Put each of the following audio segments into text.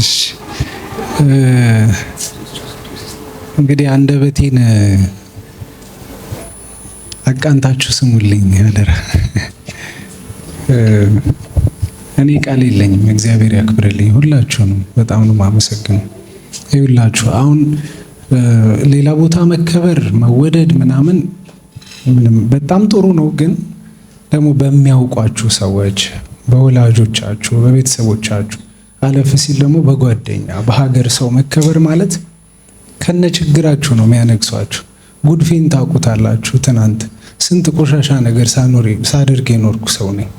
እሺ እንግዲህ አንደበቴን አቃንታችሁ ስሙልኝ አደራ። እኔ ቃል የለኝም። እግዚአብሔር ያክብርልኝ። ሁላችሁንም በጣም ነው የማመሰግነው። ይሁላችሁ አሁን ሌላ ቦታ መከበር መወደድ ምናምን ምንም በጣም ጥሩ ነው፣ ግን ደግሞ በሚያውቋችሁ ሰዎች፣ በወላጆቻችሁ፣ በቤተሰቦቻችሁ አለፍ ሲል ደግሞ በጓደኛ በሀገር ሰው መከበር ማለት ከነ ችግራችሁ ነው የሚያነግሷችሁ። ጉድፌን ታውቁታላችሁ። ትናንት ስንት ቆሻሻ ነገር ሳደርግ የኖርኩ ሰው ነኝ።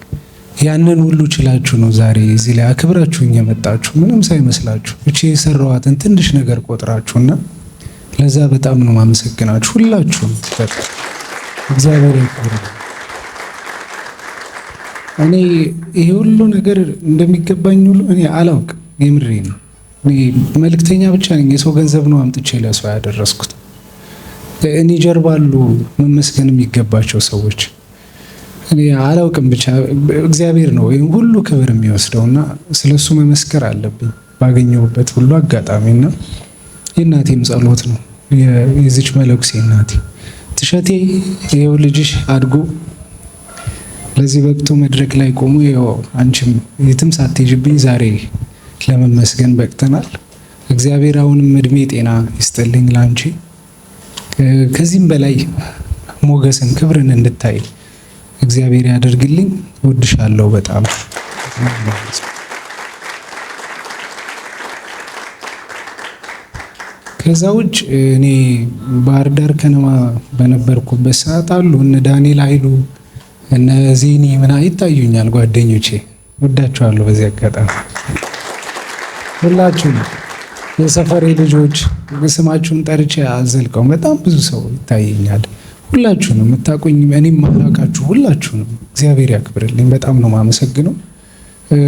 ያንን ሁሉ ችላችሁ ነው ዛሬ እዚህ ላይ አክብራችሁኝ የመጣችሁ ምንም ሳይመስላችሁ እቺ የሰራዋትን ትንሽ ነገር ቆጥራችሁና ለዛ በጣም ነው ማመሰግናችሁ ሁላችሁም። እግዚአብሔር ይክበር። እኔ ይሄ ሁሉ ነገር እንደሚገባኝ ሁሉ እኔ አላውቅም። የምሬ ነው። እኔ ብቻ ነኝ። የሰው ገንዘብ ነው አምጥቼ ለሰው ያደረስኩት። እኔ ጀርባ አሉ መመስገን የሚገባቸው ሰዎች። እኔ አላውቅም፣ ብቻ እግዚአብሔር ነው ይህም ሁሉ ክብር የሚወስደው እና ስለሱ መመስከር አለብኝ ባገኘሁበት ሁሉ አጋጣሚ እና የእናቴም ጸሎት ነው የዚች መለኩሴ እናቴ ትሸቴ ይኸው ልጅሽ አድጎ ለዚህ በቅቶ መድረክ ላይ ቆሞ አንቺም የትም ሳትሄጂብኝ ዛሬ ለመመስገን በቅተናል። እግዚአብሔር አሁንም እድሜ ጤና ይስጥልኝ ለአንቺ ከዚህም በላይ ሞገስን ክብርን እንድታይ እግዚአብሔር ያደርግልኝ። እወድሻለሁ በጣም ከዛ ውጭ እኔ ባህር ዳር ከነማ በነበርኩበት ሰዓት አሉ እነ ዳንኤል ኃይሉ እነ ዜኒ ምና ይታዩኛል ጓደኞቼ፣ ወዳችኋለሁ። በዚህ አጋጣሚ ሁላችሁም የሰፈሬ ልጆች ስማችሁን ጠርቼ አዘልቀውም፣ በጣም ብዙ ሰው ይታየኛል። ሁላችሁንም የምታቆኝ እኔም ማላቃችሁ ሁላችሁንም እግዚአብሔር ያክብርልኝ። በጣም ነው ማመሰግነው።